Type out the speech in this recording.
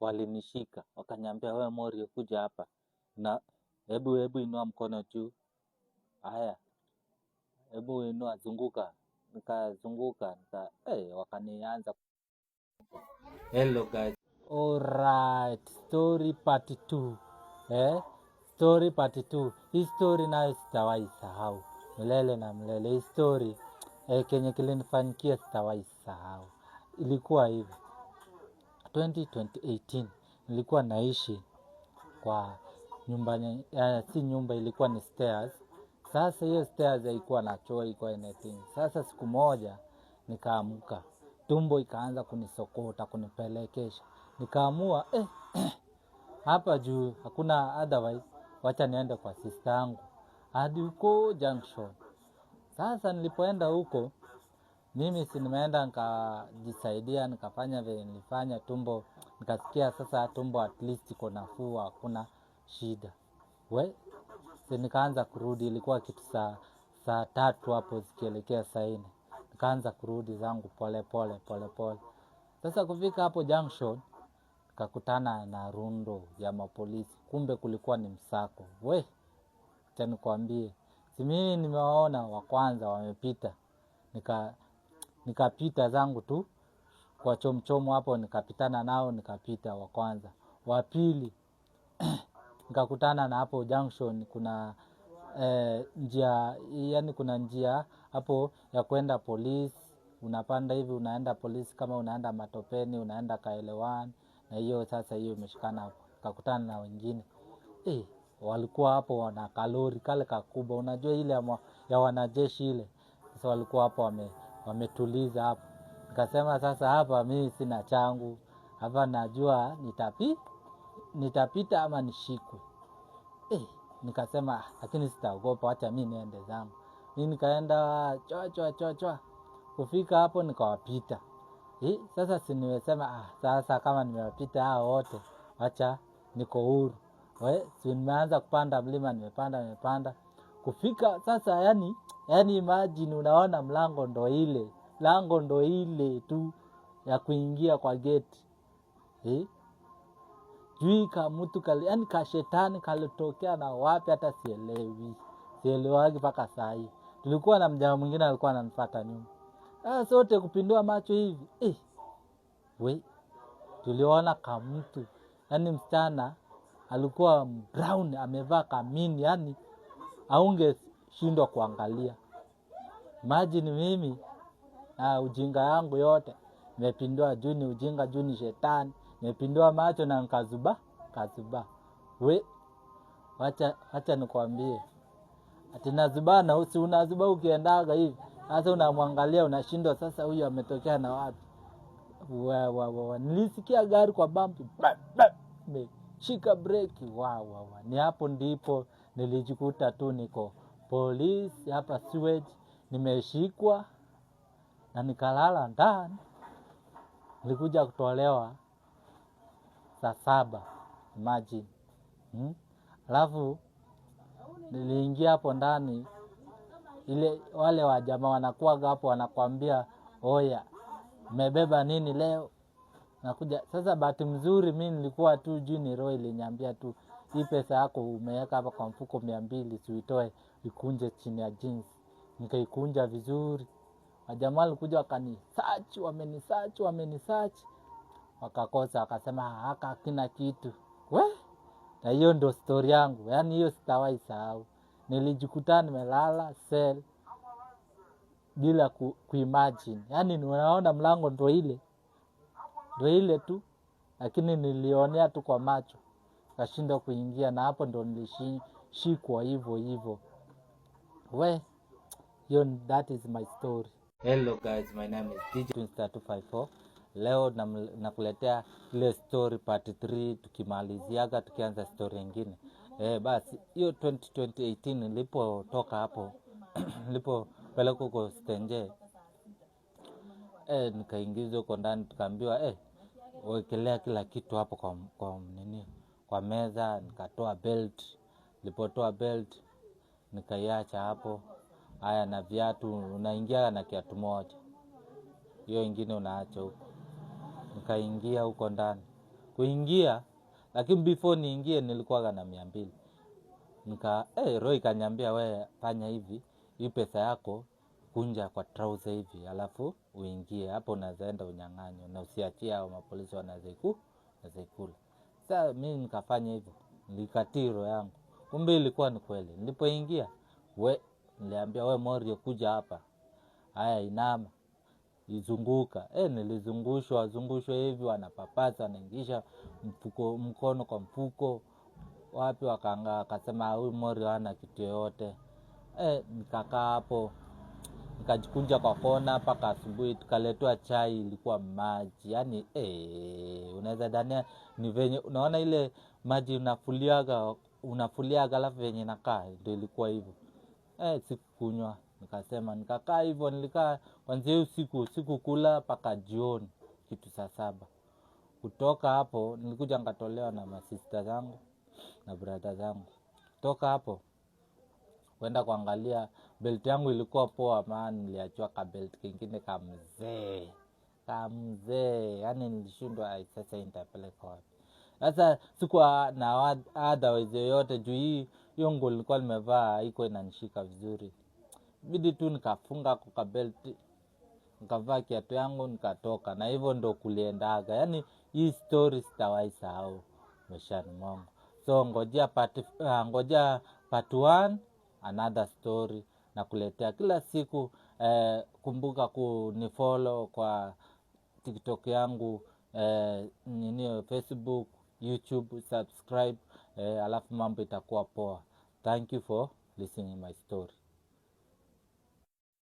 Walinishika wakaniambia, we Morio, kuja hapa na hebu hebu inua mkono juu. Haya, hebu inua, zunguka. Nikazunguka nika, hey, eh, wakanianza. Hello guys, alright, story part two eh? Story part two. Hii story nayo sitawai sahau mlele na mlele Hii story eh, kenye kilinifanyikia sitawai sahau. Ilikuwa hivi 2018 nilikuwa naishi kwa nyumba uh, si nyumba, ilikuwa ni stairs. Sasa hiyo stairs haikuwa na choo, ilikuwa anything. Sasa siku moja nikaamka, tumbo ikaanza kunisokota kunipelekesha, nikaamua eh, hapa juu hakuna otherwise, wacha niende kwa sista yangu hadi huko junction. Sasa nilipoenda huko mimi si nimeenda nikajisaidia, nikafanya vile nilifanya, tumbo nikasikia sasa tumbo at least iko nafuu, hakuna shida. We si nikaanza kurudi, ilikuwa kitu saa saa tatu hapo zikielekea saa nikaanza kurudi zangu pole pole pole pole. Sasa kufika hapo junction kakutana na rundo ya mapolisi, kumbe kulikuwa ni msako. We chanikuambie si mimi nimewaona wa kwanza wamepita nika nikapita zangu tu kwa chomchomo hapo, nikapitana nao, nikapita wa kwanza, wa pili nikakutana na hapo junction kuna eh, njia yani, kuna njia hapo ya kwenda polisi, unapanda hivi unaenda polisi, kama unaenda Matopeni unaenda Kaelewani, na hiyo sasa hiyo imeshikana hapo. Nikakutana na wengine eh, walikuwa hapo wana kalori kale kakubwa, unajua ile ya, ya wanajeshi ile. Sasa walikuwa hapo wame wametuliza hapo. Nikasema sasa hapa mimi sina changu hapa, najua nitapi nitapita ama nishikwe eh. Nikasema lakini sitaogopa, wacha mi niende zangu. Mi nikaenda chochwa chochwa, kufika hapo nikawapita. Eh, sasa siniwesema ah, sasa kama nimewapita hao wote, wacha niko huru. We, si nimeanza kupanda mlima, nimepanda nimepanda kufika sasa, yani Yaani imagine unaona mlango ndo ile, lango ndo ile tu ya kuingia kwa geti eh? Jui ka mtu kali, yaani ka shetani kalitokea na wapi, hata sielewi, sielewagi mpaka saa hii. Tulikuwa na mjamaa mwingine alikuwa ananifata nyuma, ah, sote kupindua macho hivi eh. We tuliona kamtu, yaani msichana alikuwa brown, amevaa kamini, yaani aunges kushindwa kuangalia. ni mimi na ujinga yangu yote nimepindua, juu ni ujinga, juu ni shetani, nimepindua macho na nkazuba kazuba. We, wacha wacha nikwambie, ati nazuba na usi unazuba ukiendaga hivi sasa, unamwangalia unashindwa, sasa huyu ametokea na wapi? Wa, Nilisikia gari kwa bump shika breki, wa, wa. Ni hapo ndipo nilijikuta tu niko polisi hapa sewage, nimeshikwa na nikalala ndani. Nilikuja kutolewa saa saba, imagine hmm? Alafu niliingia hapo ndani, ile wale wajamaa wanakuaga hapo wanakwambia, oya, mmebeba nini leo? Nakuja sasa, bahati mzuri mi nilikuwa tu juu ni roho ilinyambia tu hii pesa yako umeweka hapa kwa mfuko mia mbili, siuitoe ikunje chini ya jeans, nikaikunja vizuri. Wajamaa walikuja wakanisachi, wamenisachi, wamenisachi, wakakosa, wakasema haka hakina kitu we. Na hiyo ndo stori yangu, yaani hiyo sitawai sahau. Nilijikuta nimelala sel bila ku, kuimagine, yaani naona mlango ndo ile ndo ile tu, lakini nilionea tu kwa macho, kashinda kuingia, na hapo ndo nilishikwa hivyo hivyo. Well, yon, that is my story. Hello guys, my name is DJ Twinstar 254. Leo nakuletea ile story part 3 tukimaliziaga tukianza story nyingine. Eh, basi hiyo 2018 nilipotoka hapo nilipopeleka huko Stenje. Eh, nikaingizwa huko ndani tukaambiwa eh, wekelea kila kitu hapo kwa kwa nini? Kwa meza nikatoa belt. Nilipotoa belt nikaiacha hapo. Haya, na viatu unaingia na kiatu moja, hiyo ingine unaacha huko. Nikaingia huko ndani kuingia, lakini before niingie nilikuwaga na mia mbili nika eh, hey, Roy kaniambia we fanya hivi, hii pesa yako kunja kwa trouser hivi, alafu uingie hapo, unazaenda unyang'anyo na usiachie hao mapolisi wanaweza iku ikula. Sasa mimi nikafanya hivyo, nilikatii roho yangu Kumbe ilikuwa ni kweli. Nilipoingia we, niliambia we Morio, kuja hapa. Haya, inama izunguka. E, nilizungushwa zungushwa hivi, wanapapasa wanaingisha mfuko, mkono kwa mfuko, wapi wakanga akasema huyu Morio hana kitu yoyote. E, nikakaa hapo nikajikunja kwa kona mpaka asubuhi, tukaletwa chai, ilikuwa maji yani, e, eh, unaweza dania ni venye unaona ile maji unafuliaga unafulia gala venye nakaa, ndio ilikuwa hivyo eh, sikukunywa nikasema, nikakaa hivyo, nilikaa kwanzia hiyo siku sikukula mpaka jioni kitu saa saba. Kutoka hapo nilikuja nikatolewa na masista zangu na brada zangu. Kutoka hapo kwenda kuangalia belt yangu ilikuwa poa, maana niliachua ka belt kingine kamzee kamzee, yani nilishindwa sasa, nitapeleka wapi? Sasa sikuwa na otherwise yoyote juu hii hiyo nguo likuwa limevaa iko inanishika vizuri, bidi tu nikafunga kwa kabelti nikavaa kiatu yangu nikatoka, na hivyo ndo kuliendaga. Yani hii story sitawai sahau maishani mwangu. So ngojea part, uh, ah, ngojea part one, another story na kuletea kila siku eh. Kumbuka kunifolo kwa TikTok yangu eh, nini, Facebook YouTube subscribe, eh, alafu mambo itakuwa poa. Thank you for listening my story.